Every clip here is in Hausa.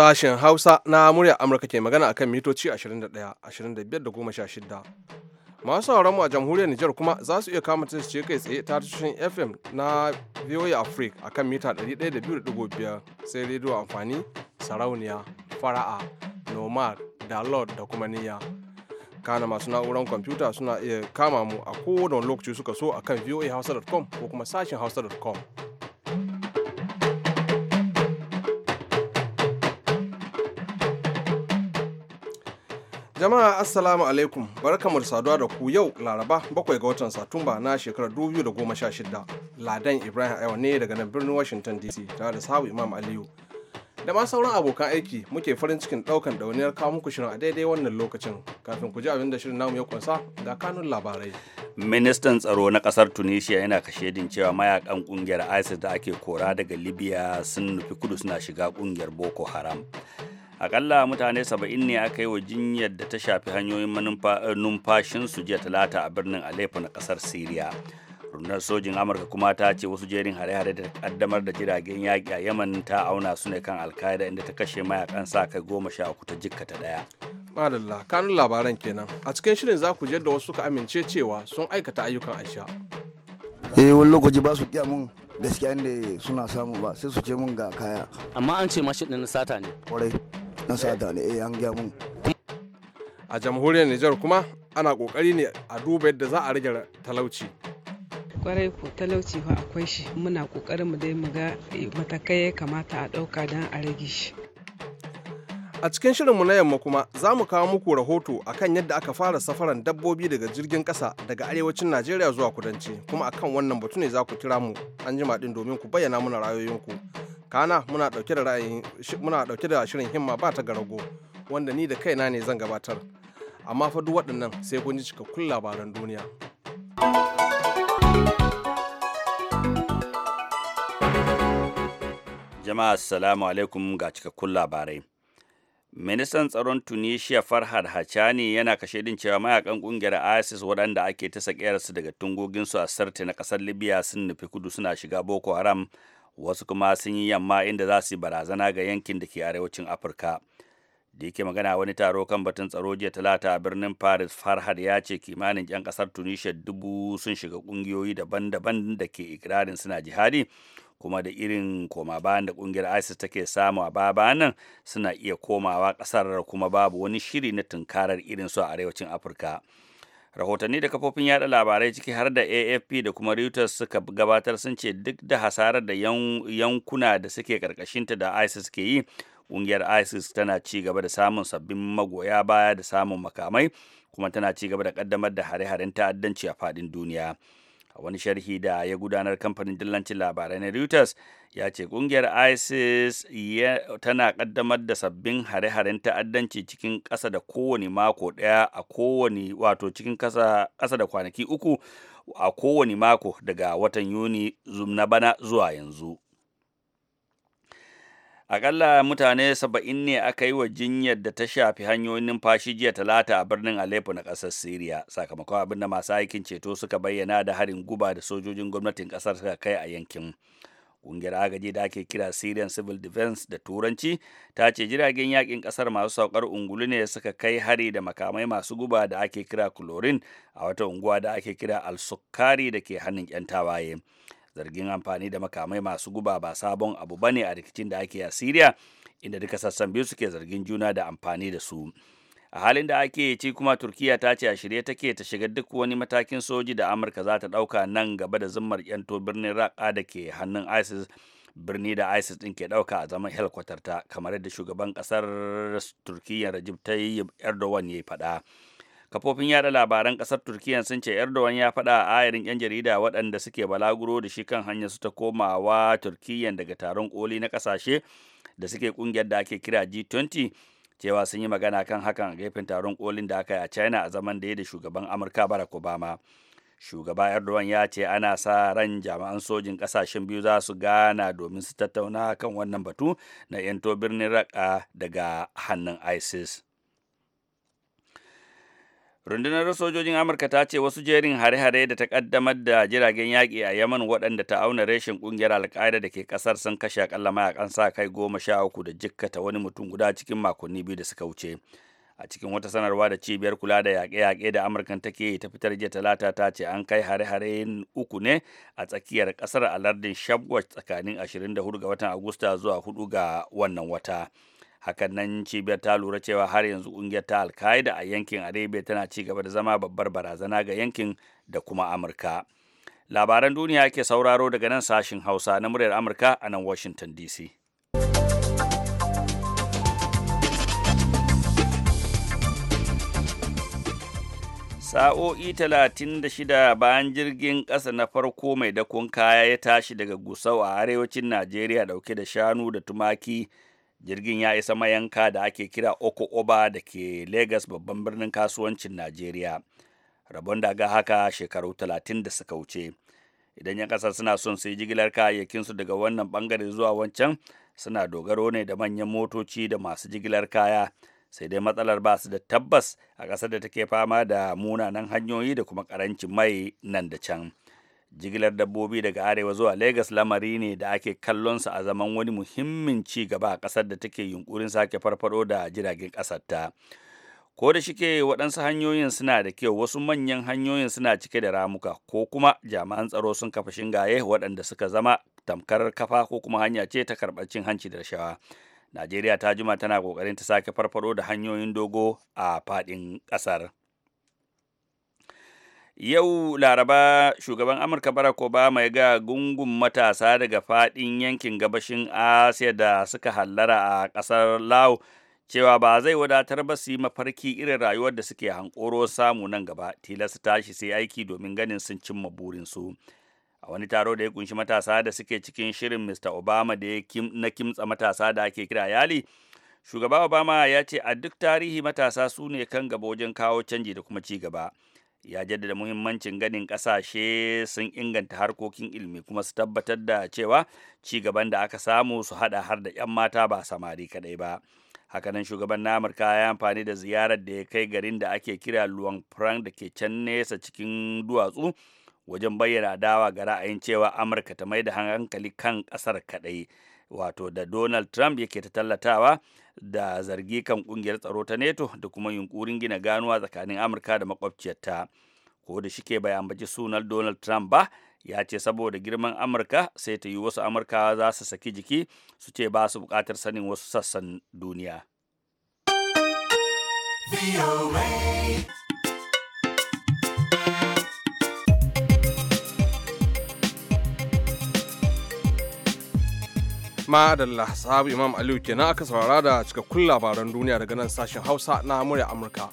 Sashen Hausa na muryar Amurka ke magana akan mitoci 21, 25 16. Masu sauran mu a jamhuriyar Nijar kuma za su iya kama ce kai tsaye ta tushen FM na VOA Africa akan mita 102.5 sai rediyo amfani sarauniya fara'a nomad da lord da kuma niyya kana masu na'urar kwamfuta suna iya kama mu a kowane lokaci suka so akan hausa.com ko kuma sashen hausa.com Jama'a Assalamu alaikum barkamu da saduwa da ku yau Laraba bakwai ga watan Satumba na shekarar 2016. Ladan Ibrahim yau ne daga nan birnin Washington DC tare da sahabu Imam Aliyu. Da ma sauran abokan aiki muke farin cikin daukan dauniyar kawo muku shirin a daidai wannan lokacin kafin ku ji abin da shirin namu ya kunsa ga kanun labarai. Ministan tsaro na kasar Tunisia yana kashe din cewa mayakan kungiyar ISIS da ake kora daga Libya sun nufi kudu suna shiga kungiyar Boko Haram. akalla mutane 70 ne aka yi wa jinyar da ta shafi hanyoyin eh, numfashinsu jiya talata a birnin aleppo na kasar syria rundunar sojin amurka kuma ta ce wasu jerin hare-hare da kaddamar da jiragen yaƙi a yaman ta auna su ne kan alkaida inda ta kashe mayakan sa kai goma sha uku ta jikka ta ɗaya madalla kanun labaran kenan a cikin shirin za ku da wasu ka amince cewa sun aikata ayyukan aisha eh wani lokaci ba su mun gaskiya inda suna samu ba sai su ce mun ga kaya amma an ce mashin ɗin sata ne kwarai na sada ne eh an gaya a jamhuriyar Nijar kuma ana kokari ne a duba yadda za a rage talauci kwarai ko talauci fa akwai shi muna kokarin mu dai mu ga eh, matakai ya kamata a ɗauka don a rage shi a cikin shirin mu na yamma kuma za mu kawo muku rahoto akan yadda aka fara safaran dabbobi daga jirgin ƙasa daga arewacin najeriya zuwa kudanci kuma akan wannan batu ne za ku kira mu an jima ɗin domin ku bayyana mana rayoyinku kana muna dauke da ra'ayin muna dauke da shirin himma ba ta garago wanda ni da kaina ne zan gabatar amma fa duk waɗannan sai kun ji cikakkun labaran duniya jama'a assalamu alaikum ga cikakkun labarai ministan tsaron tunisia farhad hachani yana kashe din cewa mayakan kungiyar isis waɗanda ake ta su daga tungoginsu a sarti na ƙasar libya sun nufi kudu suna shiga boko haram wasu kuma sun yi yamma inda za su barazana ga yankin da ke arewacin afirka da yake magana wani taro kan batun tsaro jiya talata a birnin paris farhad ya ce kimanin 'yan kasar tunisia dubu sun shiga kungiyoyi daban-daban da ke ikirarin suna jihadi kuma da irin koma bayan da kungiyar isis take samu a baya nan suna iya komawa kasar kuma babu wani shiri na tunkarar irin su a arewacin afirka rahotanni da kafofin yada labarai ciki har da afp da kuma reuters suka gabatar sun ce duk da hasarar da yankuna da suke karkashinta da isis ke yi ƙungiyar isis tana ci gaba da samun sabbin magoya baya da samun makamai kuma tana ci gaba da kaddamar da hare-haren ta'addanci a faɗin duniya wani sharhi da ya gudanar kamfanin dillancin labarai na reuters ya ce kungiyar isis tana kaddamar da sabbin hare-haren ta'addanci cikin kasa da kowane mako daya a kowane wato cikin kasa da kwanaki uku a kowane mako daga watan yuni na bana zuwa yanzu Akalla mutane saba'in ne aka yi wa jinyar da ta shafi hanyoyin numfashi jiya talata a birnin Aleppo na ƙasar Siriya sakamakon abin da masu aikin ceto suka bayyana da harin guba da sojojin gwamnatin ƙasar suka kai a yankin. Ƙungiyar agaji da ake kira Syrian Civil Defense da Turanci ta ce jiragen yakin ƙasar masu saukar ungulu ne suka kai hari da makamai masu guba da ake kira chlorine a wata unguwa da ake kira Al-Sukkari da ke hannun 'yan tawaye. zargin amfani da makamai masu guba ba sabon abu ba ne a rikicin da ake a siriya inda duka sassan biyu suke zargin juna da amfani da su a halin da ake ci kuma turkiya ta ce a shirye take ta shiga duk wani matakin soji da amurka za ta ɗauka nan gaba da zimmar yanto birnin raka da ke hannun isis birni da isis din ke ɗauka a zaman helkwatarta kamar yadda shugaban ƙasar turkiyya rajib tayyip erdogan ya yi faɗa kafofin yada labaran kasar turkiyya sun ce erdogan ya faɗa a ayarin yan jarida waɗanda suke balaguro da shi kan hanyar su ta komawa turkiyya daga taron koli na kasashe da suke ƙungiyar da ake kira g20 cewa sun yi magana kan hakan a gefen taron kolin da aka yi a china a zaman da ya da shugaban amurka barack obama shugaba erdogan ya ce ana sa ran jami'an sojin kasashen biyu za su gana domin su tattauna kan wannan batu na 'yanto birnin raka daga hannun isis rundunar sojojin amurka ta ce wasu jerin hare-hare da ta kaddamar da jiragen yaƙi a yaman waɗanda ta auna reshen ƙungiyar Al-Qaeda da ke ƙasar sun kashe akalla mayakan sa kai goma sha uku da jikkata wani mutum guda cikin makonni biyu da suka wuce a cikin wata sanarwa da cibiyar kula da yaƙe-yaƙe da amurkan take ta fitar jiya talata ta ce an kai hare-hare uku ne a tsakiyar ƙasar a lardin shabwa tsakanin 24 ga watan agusta zuwa 4 ga wannan wata. hakan nan cibiyar ta lura cewa har yanzu kungiyar ta alkaida a yankin arabia tana ci gaba da zama babbar barazana ga yankin da kuma amurka labaran duniya ke sauraro daga nan sashin hausa na muryar amurka a nan washington dc sa'o'i 36 bayan jirgin ƙasa na farko mai dakon kaya ya tashi daga gusau a arewacin najeriya dauke da shanu da tumaki jirgin ya isa mayanka da ake kira oko oba da ke lagos babban birnin kasuwancin najeriya rabon daga haka shekaru talatin da suka wuce idan yan kasar suna son su yi jigilar su daga wannan bangare zuwa wancan suna dogaro ne da manyan motoci da masu jigilar kaya sai dai matsalar ba su da tabbas a ƙasar da take fama da munanan hanyoyi da kuma karancin mai nan da can jigilar dabbobi daga arewa zuwa Legas lamari ne da ake kallonsa a zaman wani muhimmin ci gaba a ƙasar da take yunkurin sake farfado da jiragen ƙasar ta. Ko da shike waɗansu hanyoyin suna da kyau wasu manyan hanyoyin suna cike da ramuka ko kuma jami'an tsaro sun kafa shingaye waɗanda suka zama tamkar kafa ko kuma hanya ce ta karɓar cin hanci da rashawa. Najeriya ta jima tana ƙoƙarin ta sake farfado da hanyoyin dogo a faɗin ƙasar. Yau Laraba shugaban Amurka Barack Obama ya ga gungun matasa daga fadin yankin gabashin Asiya da suka hallara a kasar lau cewa ba zai wadatar ba su yi mafarki irin rayuwar da suke hankoro samu nan gaba tilas tashi sai aiki domin ganin sun cimma burinsu. A wani taro da ya kunshi matasa da suke cikin shirin Mr. Obama da na kimtsa matasa da ake kira yali. Shugaba Obama ya ce a duk tarihi matasa su ne kan gaba wajen kawo canji da kuma ci gaba. ya jaddada muhimmancin ganin ƙasashe sun inganta harkokin ilimi kuma su tabbatar da cewa ci gaban da aka samu su hada har da 'yan mata ba samari kadai ba hakanan shugaban na amurka ya amfani da ziyarar da ya kai garin da ake kira luwan frank da ke can nesa cikin duwatsu wajen bayyana dawa ga ra'ayin cewa amurka ta mai da hankali kan ƙasar kadai wato da donald trump yake ta tallatawa da zargi kan kungiyar tsaro ta nato da kuma yunkurin gina ganuwa tsakanin amurka da makwabciyarta ko da shike bai ambaci sunan donald trump ba ya ce saboda girman amurka sai ta yi wasu amurkawa za su saki jiki su ce ba su bukatar sanin wasu sassan duniya da sahabu Imam Aliyu kenan aka saurara da cikakkun labaran duniya daga nan sashen Hausa na murya Amurka.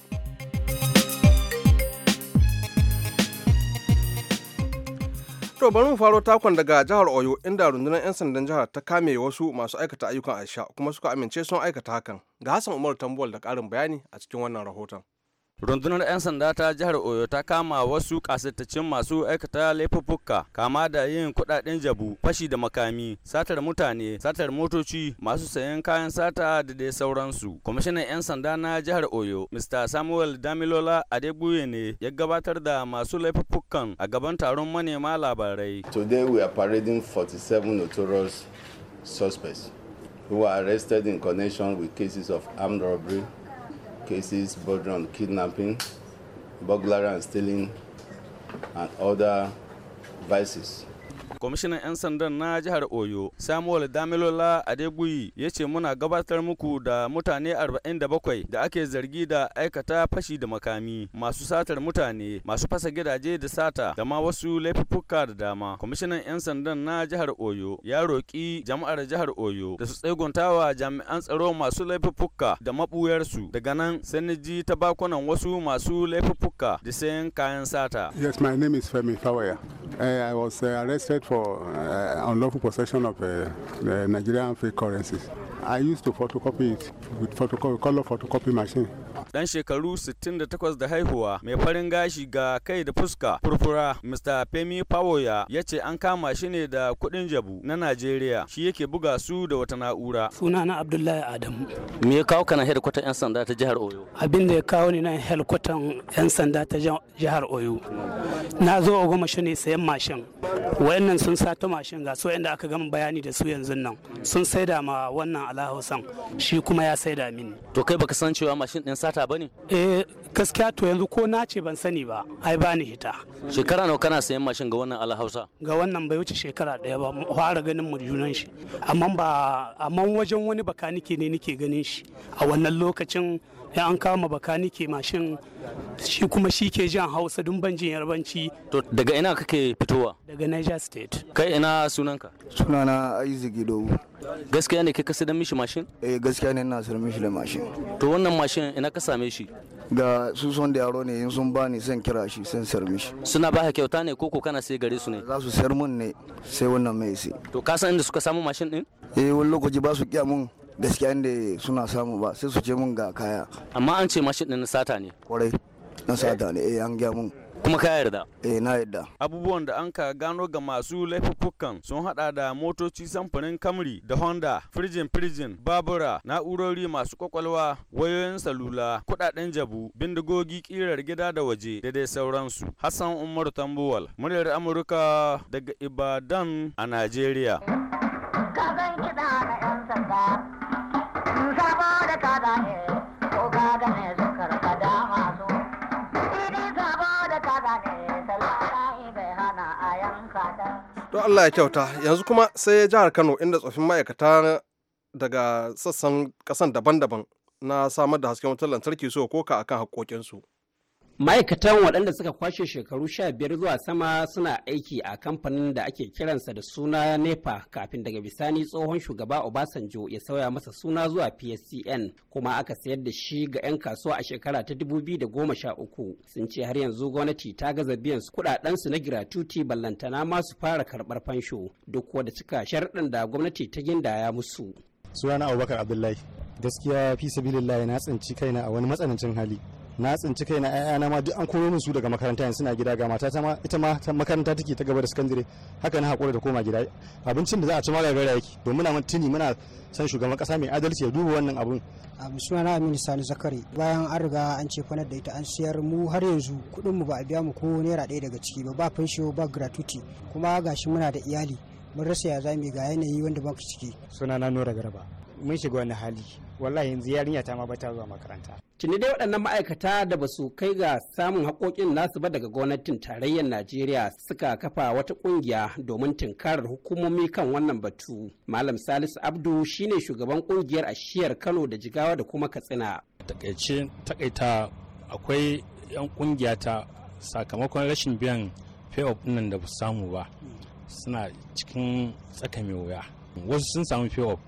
To bari mu faro takon daga jihar Oyo inda rundunar 'yan sandan jihar ta kame wasu masu aikata ayyukan aisha kuma suka amince sun aikata hakan. Ga Hassan Umar Tambuwal da ƙarin bayani a cikin wannan rahoton. rundunar 'yan sanda ta jihar oyo ta kama wasu kasattacin masu aikata laifuffuka kama da yin kudaden jabu fashi da makami satar mutane satar motoci masu sayan kayan sata da dai sauransu kwamishinan 'yan sanda na jihar oyo mr samuel damilola adegbuye ne ya gabatar da masu laifuffukan a gaban taron manema labarai today we are parading 47 notorious suspects who were arrested in connection with cases of armed robbery cases border on kidnapping, burglary and stealing, and other vices. kwamishinan 'yan sandan na jihar oyo samuel damilola adeguyi ya ce muna gabatar muku da mutane 47 da ake zargi da aikata fashi da makami masu satar mutane masu fasa gidaje da sata da ma wasu laifuffuka da dama kwamishinan 'yan sandan na jihar oyo ya roƙi jama'ar jihar oyo da su jami'an tsaro masu laifuffuka da maɓuyarsu daga nan sai ji ta bakunan wasu masu laifuffuka da sayan kayan sata yes my name is femi fawaya eh, i was uh, arrested arrested for uh, unlawful possession of uh, Nigerian fake currencies. I used to photocopy it with photocopy, color photocopy machine. Dan shekaru 68 da haihuwa mai farin gashi ga kai da fuska furfura Mr. Femi Pawoya ya ce an kama shi ne da kudin jabu na Najeriya shi yake buga su da wata na'ura. Suna na Abdullahi Adamu. Me ya kawo kana hedikwatan 'yan sanda ta jihar Oyo? Abin da ya kawo ni nan hedikwatan 'yan sanda ta jihar Oyo. Na zo a goma shi ne sayan mashin. Wayannan sun sato mashin ga su da aka gama bayani da su yanzu nan. Sun saida ma wannan ala shi kuma ya saida mini to kai baka san cewa mashin din sata ba ne. eh gaskiya to yanzu ko na ce ban sani ba ai bani hita shekara nawa kana sayan mashin ga wannan ala ga wannan bai wuce shekara daya ba fara ganin murjunan shi amma ba amma wajen wani bakanike ne nake ganin shi a wannan lokacin ya an kama baka nike mashin shi kuma shi ke jan hausa dun ban jin yarbanci to daga ina kake fitowa daga niger state kai ina sunanka sunana aizu gidowu gaskiya ne kai ka sadan mishi mashin eh gaskiya ne ina sadan mishi da mashin to wannan mashin ina ka same shi ga su son da yaro ne in sun ba ni san kira shi san sayar mishi suna ba kyauta ne koko kana sai gare su ne za su sayar mun ne sai wannan mai sai to ka san inda suka samu mashin din eh wani lokaci ba su kiya mun gaskiya inda suna samu ba sai su ce mun ga kaya amma an ce mashin din sata ne kwarai na sata ne eh an gaya mun kuma ka yarda eh na yarda abubuwan da an ka gano ga masu laifukan sun hada da motoci samfurin camry da honda firjin firjin babura na'urori masu kwakwalwa wayoyin salula kudaden jabu bindigogi kirar gida da waje da dai sauransu hassan umaru tambuwal muryar amurka daga ibadan a najeriya ka kiɗa na 'yan sanda Allah ya kyauta yanzu kuma sai jihar Kano inda tsofin ma'aikata daga sassan kasan daban-daban na samar da hasken wutar lantarki su koka akan haƙoƙinsu. ma'aikatan waɗanda suka kwashe shekaru sha biyar zuwa sama suna aiki a kamfanin da ake kiransa da suna nepa kafin daga bisani tsohon shugaba obasanjo ya sauya masa suna zuwa pscn kuma aka sayar da shi ga 'yan kasuwa a shekara ta 2013 sun ce har yanzu gwamnati ta gaza biyan su su na giratuti ballantana masu fara karɓar fansho duk wanda cika sharɗin da gwamnati ta gindaya musu sunana abubakar abdullahi gaskiya fi sabilillahi na tsinci kaina a wani matsanancin hali na tsinci kai na na ma duk an koyo min su daga makaranta yanzu suna gida ga mata ta ma ita ma ta makaranta take ta gaba da sakandare haka na hakura da koma gida abincin da za a ci ma gari yake domin muna tuni muna san shugaban kasa mai adalci ya duba wannan abun abu suna na aminu sani zakari bayan an riga an ce kwanar da ita an siyar mu har yanzu kuɗin mu ba a biya mu ko naira ɗaya daga ciki ba ba fanshiyo ba gratuity kuma gashi muna da iyali mun rasa ya zami ga yanayi wanda ba ciki suna na nora garba mun shiga wani hali wallahi yanzu yarinya ta ma ta zuwa makaranta tuni dai waɗannan ma'aikata da ba su kai ga samun haƙoƙin nasu ba daga gwamnatin tarayyar najeriya suka kafa wata ƙungiya domin tunkarar hukumomi kan wannan batu malam salisu abdu shine shugaban ƙungiyar ashiyar kano da jigawa da kuma katsina takaice takaita akwai yan ƙungiya ta sakamakon rashin biyan payoff nan da ba samu ba suna cikin tsaka mai wuya wasu sun samu payoff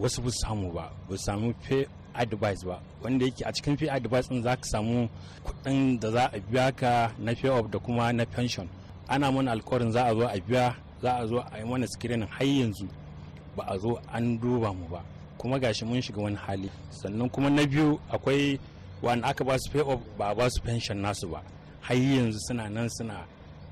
wasu ba samu ba bu samu pay advice ba wanda yake a cikin pay advice din za samu kuɗin da za a biya ka na pay off da kuma na pension ana mana alkawarin za a zo a biya za a zo a yi mana screening har yanzu ba a zo an duba mu ba kuma gashi mun shiga wani hali sannan kuma na biyu akwai wani aka ba su pay off ba a ba su pension nasu ba har yanzu suna nan suna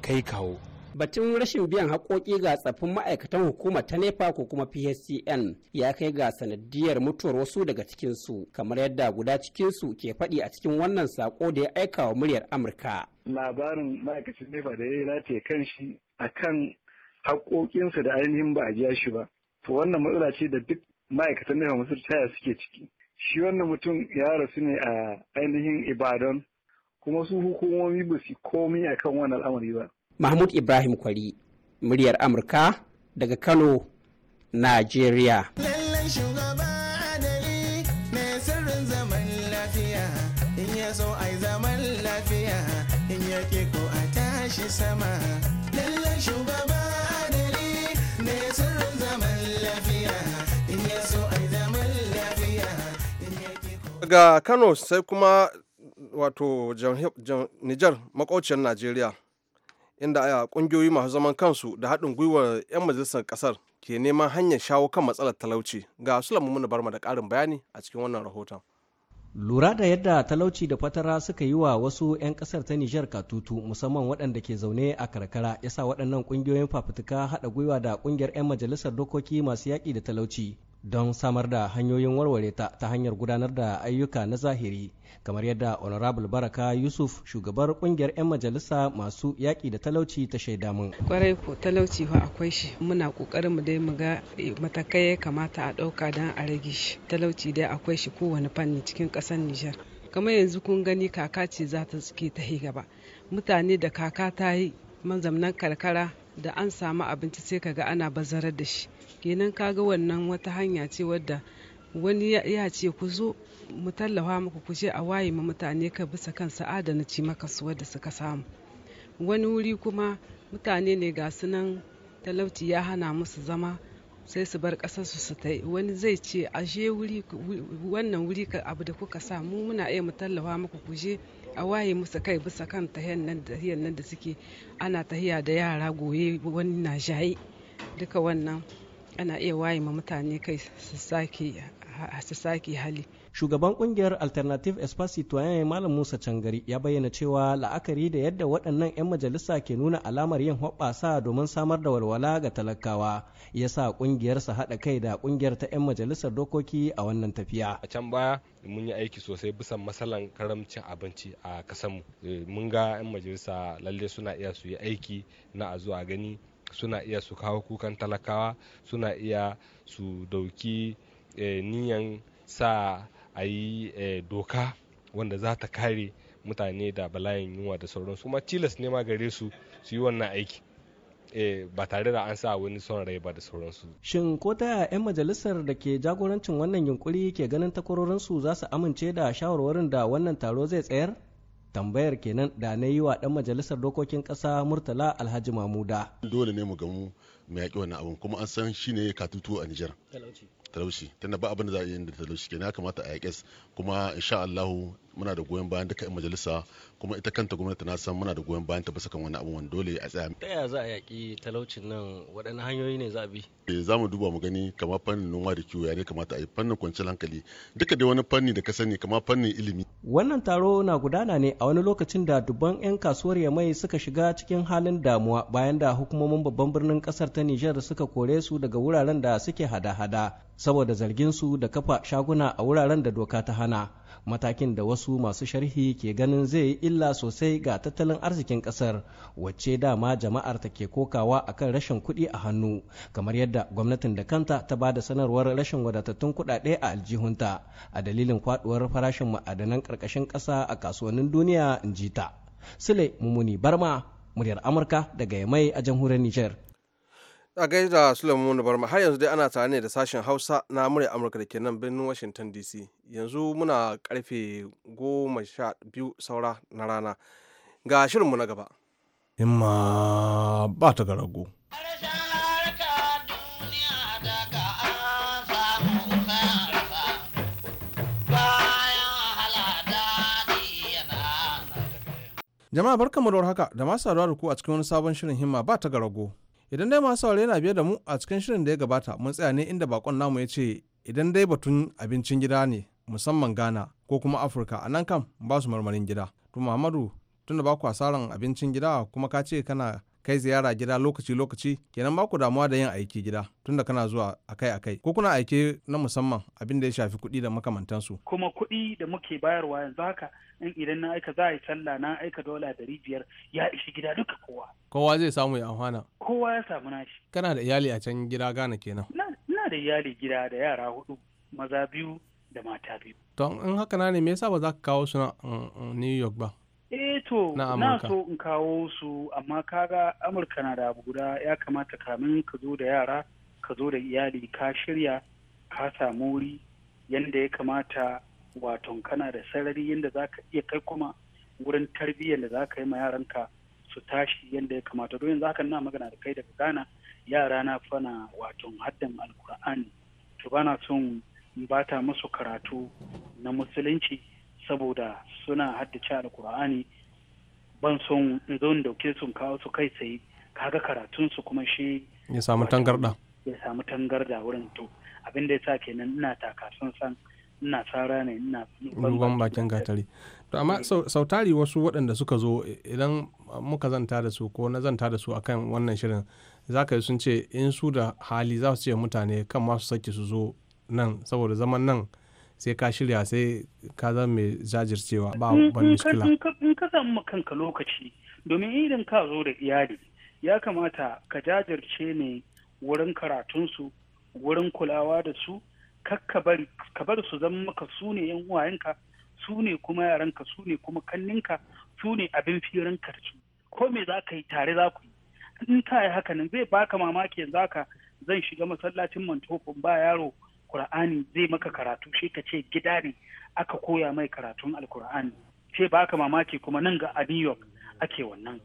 kai kawo batun rashin biyan haƙoƙi ga tsaffin ma'aikatan hukumar ta nepa ko kuma PSCN ya kai ga sanadiyar mutuwar wasu daga cikinsu kamar yadda guda cikinsu ke faɗi a cikin wannan sako da ya aika wa muryar amurka labarin ma'aikacin nepa da ya yi rataye kan shi a kan haƙoƙinsa da ainihin ba a biya shi ba to wannan matsala ce da duk ma'aikatan nepa masu taya suke ciki shi wannan mutum ya rasu ne a ainihin ibadan kuma su hukumomi ba su komi akan wannan al'amari ba mahmud ibrahim kwari muryar amurka daga kano najeriya ga kano sai kuma wato nijar makwauciyar najeriya inda a ah, kungiyoyi masu zaman kansu da haɗin gwiwar 'yan majalisar ƙasar ke neman hanyar shawo kan matsalar talauci ga sulamu muna barma da ƙarin bayani a cikin wannan rahoton lura da yadda talauci da fatara suka yi wa wasu 'yan kasar ta nijar katutu musamman waɗanda ke zaune a karkara ya sa waɗannan ƙungiyoyin fafutuka haɗa gwiwa da ƙungiyar 'yan majalisar dokoki masu yaƙi da talauci don samar da hanyoyin warware ta ta hanyar gudanar da ayyuka na zahiri kamar yadda honorable baraka yusuf shugabar kungiyar 'yan majalisa masu yaƙi da talauci ta shaida mun kwarai ko talauci fa akwai shi muna ƙoƙarin mu dai mu ga e, matakai ya kamata a ɗauka don a rage shi talauci dai akwai shi kowane fanni cikin ƙasar nijar kamar yanzu kun gani kaka ce za ta suke ta gaba mutane da kaka ta yi manzamnan karkara da an samu abinci sai kaga ana bazarar da shi kenan kaga wannan wata hanya ce wadda wani ya ce ku zo mu tallafa muku ku je a waye ma mutane ka bisa kan na ci maka su wadda suka samu wani wuri kuma mutane ne ga su nan talauci ya hana musu zama sai su bar ƙasar su ta wani zai ce a je wannan wuri abu da kuka sa mu muna iya mu tallafa muku ku je a waye musu kai bisa kan tahiyan nan da nan da suke ana tahiya da yara goye wani na shaye duka wannan ana iya waye ma mutane kai su sake hali Shugaban kungiyar Alternative Espace Citoyen Malam Musa Cangari ya bayyana cewa la'akari da yadda waɗannan 'yan majalisa ke nuna alamar yin hoɓɓasa domin samar da walwala ga talakawa ya sa kungiyarsa haɗa kai da kungiyar ta 'yan majalisar dokoki a wannan tafiya. A can baya mun yi aiki sosai bisa matsalan karamcin abinci a mu eh, Mun ga 'yan majalisa lalle suna iya su yi aiki na a zuwa gani suna iya su kawo kukan talakawa suna iya su dauki eh, niyan sa a yi eh, doka wanda za ta kare mutane da bala'in yunwa da sauransu ma tilas ne ma gare su su yi wannan aiki eh, ba tare da an sa wani son rai ba da sauransu. Shin ko ta yaya 'yan majalisar da ke jagorancin wannan yunkuri ke ganin takwarorinsu za su amince da shawarwarin da wannan taro zai tsayar? Tambayar kenan da na yi wa 'yan majalisar dokokin ƙasa Murtala Alhaji Mamuda. Dole ne mu gamu mu yaƙi wannan abin kuma an san shi ne katutu a Nijar. talauci tunda ba abin da za a yi da talauci kenan ya kamata a yaƙes kuma insha Allahu muna da goyon bayan duka 'yan majalisa kuma ita kanta gwamnati na san muna da goyon bayan ta bisa kan wani abu wani dole a tsaya. Ta yaya za a yaƙi talaucin nan waɗanne hanyoyi ne za a bi? Eh, za mu duba mu gani kama fannin noma da kiwo ya ne kamata a yi fannin kwanciyar hankali duka dai wani fanni da ka sani kama fannin ilimi. Wannan taro na gudana ne a wani lokacin da dubban 'yan kasuwar Yamai suka shiga cikin halin damuwa bayan da hukumomin babban birnin kasar ta Nijar suka kore su daga wuraren da suke hada-hada saboda zargin su da kafa shaguna a wuraren da doka ta hana. matakin da wasu masu sharhi ke ganin zai yi illa sosai ga tattalin arzikin kasar wacce dama jama'ar ta ke kokawa akan rashin kuɗi a hannu kamar yadda gwamnatin da kanta ta ba da sanarwar rashin wadatattun kuɗaɗe a aljihunta a dalilin kwaduwar farashin ma'adanan ƙarƙashin ƙasa a kasuwannin duniya in ji ta sule mumuni barma muryar amurka daga yamai a jamhuriyar niger a gaida Sulaiman Barma har yanzu dai ana tare ne da sashen Hausa na murya Amurka da ke nan birnin Washington DC. Yanzu muna karfe goma sha biyu saura na rana. Ga shirinmu na gaba. Himma ba ta garago. Jama'a barkamu da haka da masu saduwa da ku a cikin wani sabon shirin himma ba ta garago. idan dai masu saurari yana biye da mu a cikin shirin da ya gabata mun tsaya ne inda bakon namu ya ce idan dai batun abincin gida ne musamman ghana ko kuma afirka a nan kam ba su marmarin gida to muhammadu tunda ba ku asaran abincin gida kuma ka ce kana kai ziyara gida lokaci lokaci kenan ba ku damuwa da yin aiki gida tunda kana zuwa akai akai ko kuna aiki na musamman abin da ya shafi kuɗi da makamantansu kuma kuɗi da muke bayarwa yanzu haka in idan na aika za a yi sallah na aika dola dari biyar ya ishi gida duka kowa kowa zai samu ya amfana kowa ya samu nashi kana da iyali a can gida gane kenan ina da iyali gida da yara hudu maza biyu da mata biyu to in haka na ne me yasa ba za ka kawo su na mm, mm, New York ba eh to na so in kawo su amma kaga Amurka na da abu guda ya kamata kamin ka zo da yara ka zo da iyali ka shirya ka samu wuri yanda ya kamata waton kana da sarari yanda za ka iya kai kuma wurin tarbiyyar da za ka yi ma yaranka su tashi yadda ya kamata don yanzu hakan na magana da kai daga Ghana yara na fana wato haddan alkur'ani to bana son bata musu karatu na musulunci saboda suna haddace alkur'ani ban son in zo in dauke su kawo su kai tsaye kaga karatun su kuma shi ya samu tangarda ya samu tangarda wurin to abin da sa kenan ina taka san ina tsara ne ina ruwan bakin gatari to amma eh. sautari wasu waɗanda suka zo idan muka zanta da su ko na zanta da su akan wannan shirin za ka yi sun ce in su da hali za su ce mutane kan masu sake su zo nan saboda zaman nan sai ka shirya sai ka zama mai jajircewa ba ban muskila in ka zama kanka lokaci domin idan ka zo da iyali ya kamata ka jajirce ne wurin karatunsu wurin kulawa da su kakkabar ka bar su zama maka su ne yan uwayenka su ne kuma yaranka su ne kuma kanninka su ne abin firin karci ko me za ka yi tare za ku yi in ka yi haka nan zai baka mamaki yanzu haka zan shiga masallacin mantofin ba yaro Kur'ani zai maka karatu shi ka ce gida ne aka koya mai karatun alkur'ani ce baka mamaki kuma nan ga a New York ake wannan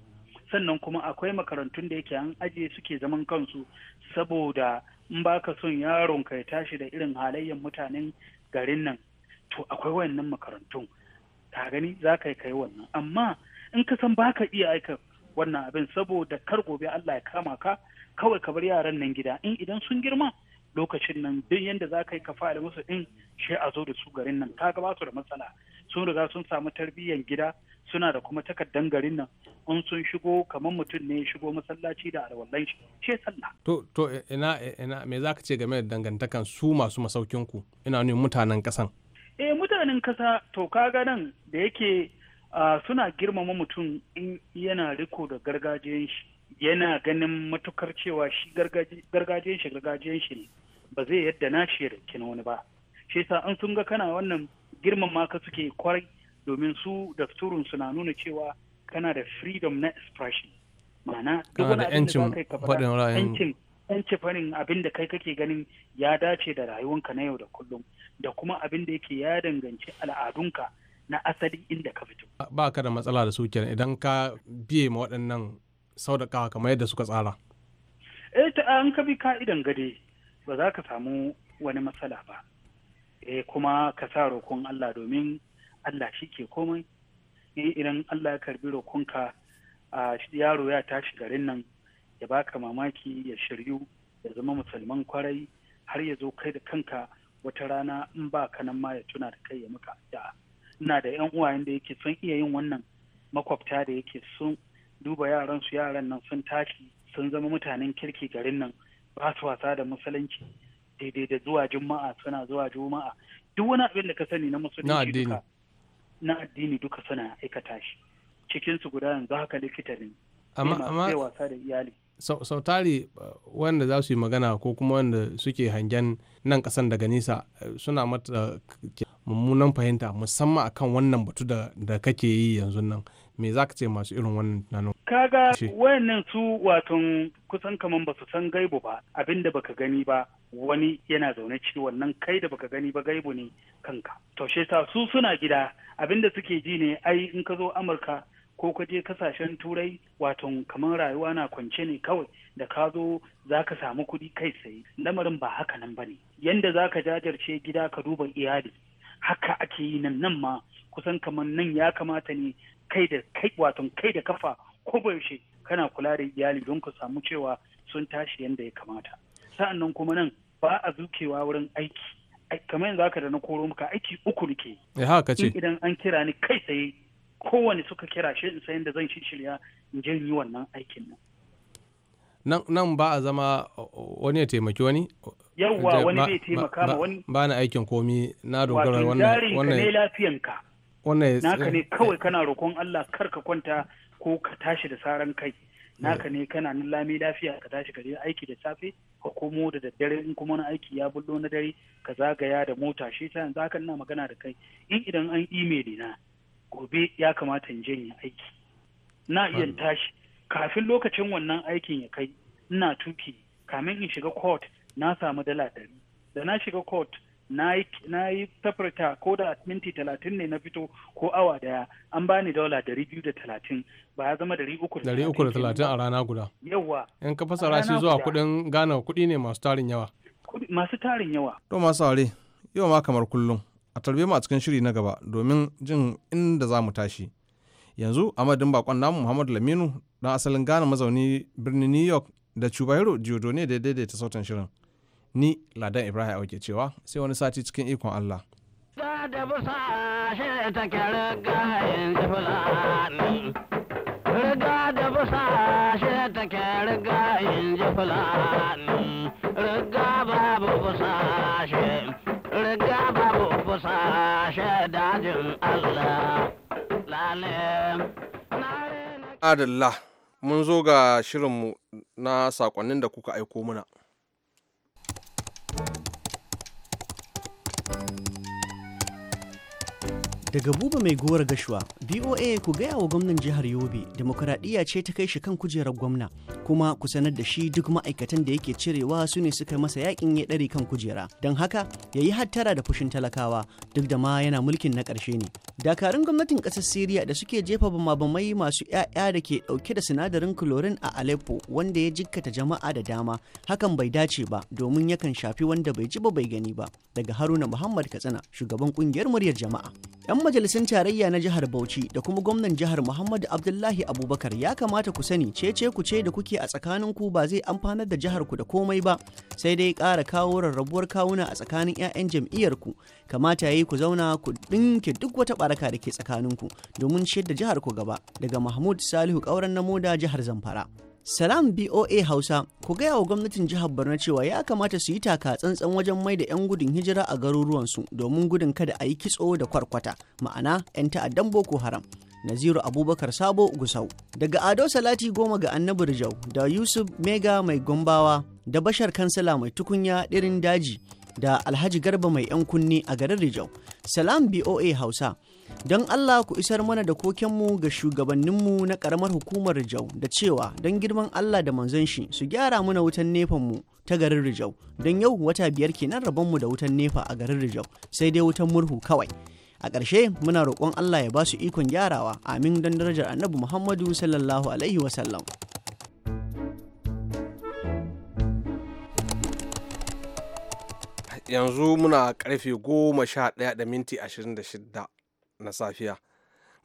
sannan kuma akwai makarantun da yake an ajiye suke zaman kansu saboda in baka son yaron ka ya tashi da irin halayyar mutanen garin nan to akwai wayannan makarantun ka gani za ka yi kai wannan amma in ka san baka iya aika wannan abin saboda kar gobe Allah ya kama ka kawai ka bar yaran nan gida in idan sun girma lokacin nan duk yadda za ka yi ka fara musu din shi a zo da su garin nan ka ba su da matsala sun riga sun samu tarbiyyar gida suna da kuma takardan garin nan in sun shigo kamar mutum ne shigo masallaci da shi ce sallah. To to ina ina me za ka ce game da dangantakan su masu masaukin ku ina nuna mutanen kasan. Eh mutanen kasa to kaga nan da yake suna girmama mutum in yana riko da gargajiyan shi yana ganin matukar cewa shi gargajiyan shi gargajiyan shi ne ba zai yadda na shi da wani ba. Shi yasa an sun ga kana wannan girmama ka suke kwarai domin su dafturun suna nuna cewa kana da freedom na expression mana duk da ka ra'ayin yancin yanci fanin abin da kai kake ganin ya dace da rayuwanka na yau da kullum da kuma abin da yake ya danganci al'adunka na asali inda ka fito ba ka da matsala da su kenan idan ka biye ma waɗannan saudakawa kamar yadda suka tsara eh ta an ka bi ka'idan gade ba za ka samu wani matsala ba eh kuma ka sa roƙon Allah domin Allah shi ke komai idan Allah ya karbi rokunka a yaro ya tashi garin nan ya baka mamaki ya shiryu ya zama musulman kwarai har ya zo kai da kanka wata rana in ba ka nan ma ya tuna da kai ya muka addu'a ina da yan uwayen da yake sun iya yin wannan makwabta da yake sun duba yaran su yaran nan sun tashi sun zama mutanen kirki garin nan ba su wasa da musulunci daidai da zuwa juma'a suna zuwa juma'a duk wani abin da ka sani na musulunci duka na addini duka suna aikata shi cikinsu guda yanzu haka likita ne amma wasa da iyali sau tari uh, wanda za su yi magana ko kuma wanda suke hangen nan kasan daga nisa uh, suna mata uh, mummunan fahimta musamman akan wannan batu da kake yi yanzu nan me za ka ce masu irin wannan tunanin kaga wayannan su waton kusan kaman basu san gaibu ba abinda da baka gani ba wani yana zaune ciki wannan kai da baka gani ba gaibu ne kanka to shi ta su suna gida abin da suke ji ne ai in ka zo amurka ko ka je kasashen turai waton kaman rayuwa na kwance ne kawai da ka zo za ka samu kuɗi kai sai. lamarin ba haka nan ba ne yanda za ka jajarce gida ka duba iyali haka ake yi nan nan ma kusan kamar nan ya kamata ne kai da kai waton kai da kafa ko yaushe kana kula da iyali don ku samu cewa sun tashi yadda ya kamata Sa'an nan kuma nan ba a zukewa wurin aiki kamar yanzu haka da na koro muka aiki uku nake ya eh, haka ce idan an kira ni kai tsaye kowane suka kira shi in sayan da zan shirya in je yi wannan aikin nan nan nan ba a zama wani ya taimaki wani yawwa wani zai taimaka ma wani ba na aikin komi na dogara wannan wannan ne lafiyanka naka ne kawai kana roƙon Allah kar ka kwanta ko ka tashi da saran kai naka ne kana nan lami lafiya ka tashi ka je aiki da safe ka komo da daddare in kuma na aiki ya bullo na dare ka zagaya da mota shi ta yanzu haka ina magana da kai in idan an email na gobe ya kamata in je aiki na iya tashi kafin lokacin wannan aikin ya kai ina tuki kamin in shiga court na samu dala ɗari da na shiga court na yi tafarta ko da minti talatin ne na fito ko awa daya an bani dola dari biyu da talatin ba ya zama dari uku da dari uku da talatin a rana guda yawa in ka fasara shi zuwa kuɗin gana kuɗi ne masu tarin yawa masu tarin yawa to masu aure yau ma kamar kullum a tarbe mu a cikin shiri na gaba domin jin inda za mu tashi yanzu a madadin bakon namu muhammadu laminu dan asalin ghana mazauni birnin new york da jiyo ne da daidaita sautin shirin ni ladan ibrahim auke cewa sai wani sati cikin ikon allah riga da busa shi take riga yin fulani riga babu busa shi riga babu busa shi dajin allah lale adalla mun zo ga shirinmu na sakonnin da kuka aiko mana Daga buba mai gora gashuwa, BOA ku gaya wa gwamnan jihar Yobe, demokuraɗiyya ce ta kai shi kan kujerar gwamna, kuma ku sanar da shi duk ma'aikatan da yake cirewa su ne suka masa yakin ya ɗari kan kujera. Don haka, ya yi hattara da fushin talakawa, duk da ma yana mulkin na ƙarshe ne. dakarun gwamnatin ƙasar syria da suke jefa bamabamai masu 'ya'ya da ke dauke da sinadarin chlorine a aleppo wanda ya jikkata jama'a da dama hakan bai dace ba domin yakan shafi wanda bai ji ba bai gani ba daga haruna muhammad katsina shugaban kungiyar muryar jama'a yan majalisun tarayya na jihar bauchi da kuma gwamnan jihar muhammad abdullahi abubakar ya kamata ku sani cece ku ce da kuke a tsakanin ku ba zai amfanar da jihar ku da komai ba sai dai ƙara kawo rarrabuwar kawuna a tsakanin 'ya'yan jam'iyyar ku kamata yayi ku zauna ku ɗinke duk wata baraka da ke tsakaninku domin ciyar da jihar ku gaba daga Mahmud Salihu ƙauren na moda jihar Zamfara. Salam BOA Hausa, ku gaya wa gwamnatin jihar Borno cewa ya kamata su yi taka tsantsan wajen mai da 'yan gudun hijira a garuruwansu domin gudun kada a yi kitso da kwarkwata, ma'ana 'yan ta'addan Boko Haram. Naziru Abubakar Sabo Gusau. Daga Ado Salati goma ga Annabi Rijau da Yusuf Mega mai gombawa da Bashar Kansala mai tukunya ɗirin daji da Alhaji Garba mai 'yan kunne a garin Rijau. Salam BOA Hausa. don Allah ku isar mana da kokenmu ga shugabanninmu na ƙaramar hukumar Rijau da cewa don girman Allah da manzon shi su gyara mana wutan nefanmu ta garin Rijau don yau wata biyar kenan rabonmu da wutan nefa a garin Rijau sai dai wutan murhu kawai. A ƙarshe muna roƙon Allah ya ba su ikon gyarawa amin don darajar Annabi Muhammadu sallallahu alaihi wasallam. Yanzu muna karfe goma sha ɗaya da minti ashirin da shidda na safiya.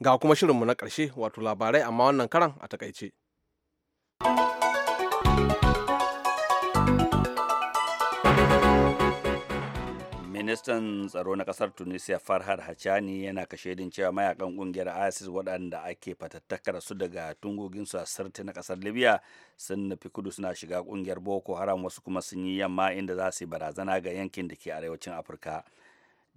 Ga kuma shirinmu na ƙarshe wato labarai amma wannan karan a takaice. ministan tsaro na kasar tunisia farhad hachani yana kashe kashedin cewa mayakan kungiyar isis waɗanda ake fatattakar su daga tungoginsu a sirti na kasar libya sun nufi kudu suna shiga kungiyar boko haram wasu kuma sun yi yamma inda za su yi barazana ga yankin da ke arewacin afirka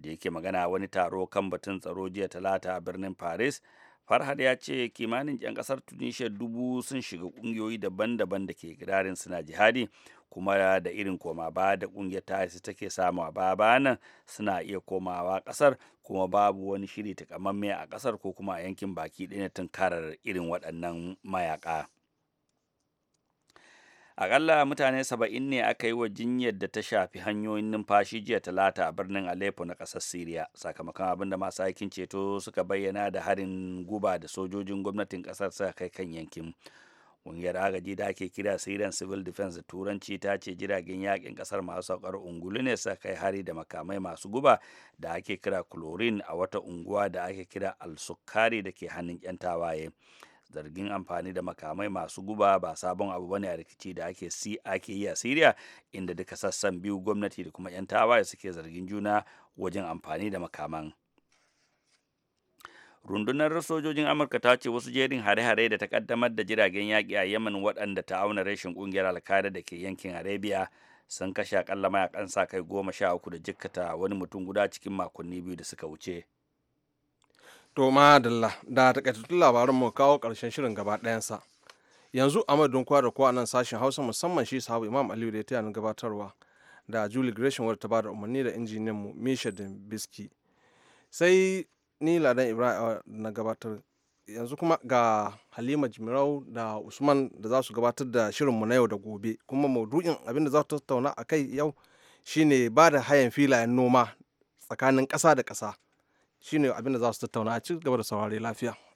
da yake magana wani taro kan batun tsaro jiya talata a birnin paris farhad ya ce kimanin 'yan kasar tunisia dubu sun shiga ƙungiyoyi daban-daban da ke gidarin suna jihadi kuma da irin koma ba da ƙungiyar ta take samu a baya nan suna iya komawa kasar kuma babu wani shiri takamamme a kasar ko kuma a yankin baki ɗaya na tunkarar irin waɗannan mayaka akalla mutane saba'in ne aka yi wa jinyar da ta shafi hanyoyin numfashi jiya talata a birnin aleppo na ƙasar siriya sakamakon abin da masu aikin ceto suka bayyana da harin guba da sojojin gwamnatin ƙasar suka kai kan yankin ƙungiyar agaji da ake kira syrian civil defense da turanci ta ce jiragen yakin ƙasar masu saukar ungulu ne suka kai hari da makamai masu guba da ake kira chlorine a wata unguwa da ake kira al da ke hannun 'yan tawaye. zargin amfani da makamai masu guba ba sabon abu bane a rikici da ake si ake yi a Siriya inda duka sassan biyu gwamnati da kuma 'yan tawaye suke zargin juna wajen amfani da makaman. rundunar sojojin amurka ta ce wasu jerin hare-hare da ta kaddamar da jiragen yaƙi a yemen waɗanda ta auna rashin ƙungiyar alkaida da ke yankin arabia sun kashe akalla mayakan sa kai goma sha uku da jikkata wani mutum guda cikin makonni biyu da suka wuce To madalla da takaitattun labaran mu kawo karshen shirin gaba sa Yanzu a madadin kwa da kwa nan sashen Hausa musamman shi sahabu Imam Aliyu da ya taya gabatarwa da juli Gresham wadda ta bada umarni da injiniyan mu Misha Biski. Sai ni Ladan Ibrahim na gabatar yanzu kuma ga Halima Jimirau da Usman da za su gabatar da shirin mu na yau da gobe kuma maudu'in abin da za su tattauna a kai yau shine ba da hayan filayen noma tsakanin ƙasa da ƙasa. shine abin da za su tattauna a ci gaba da saurare lafiya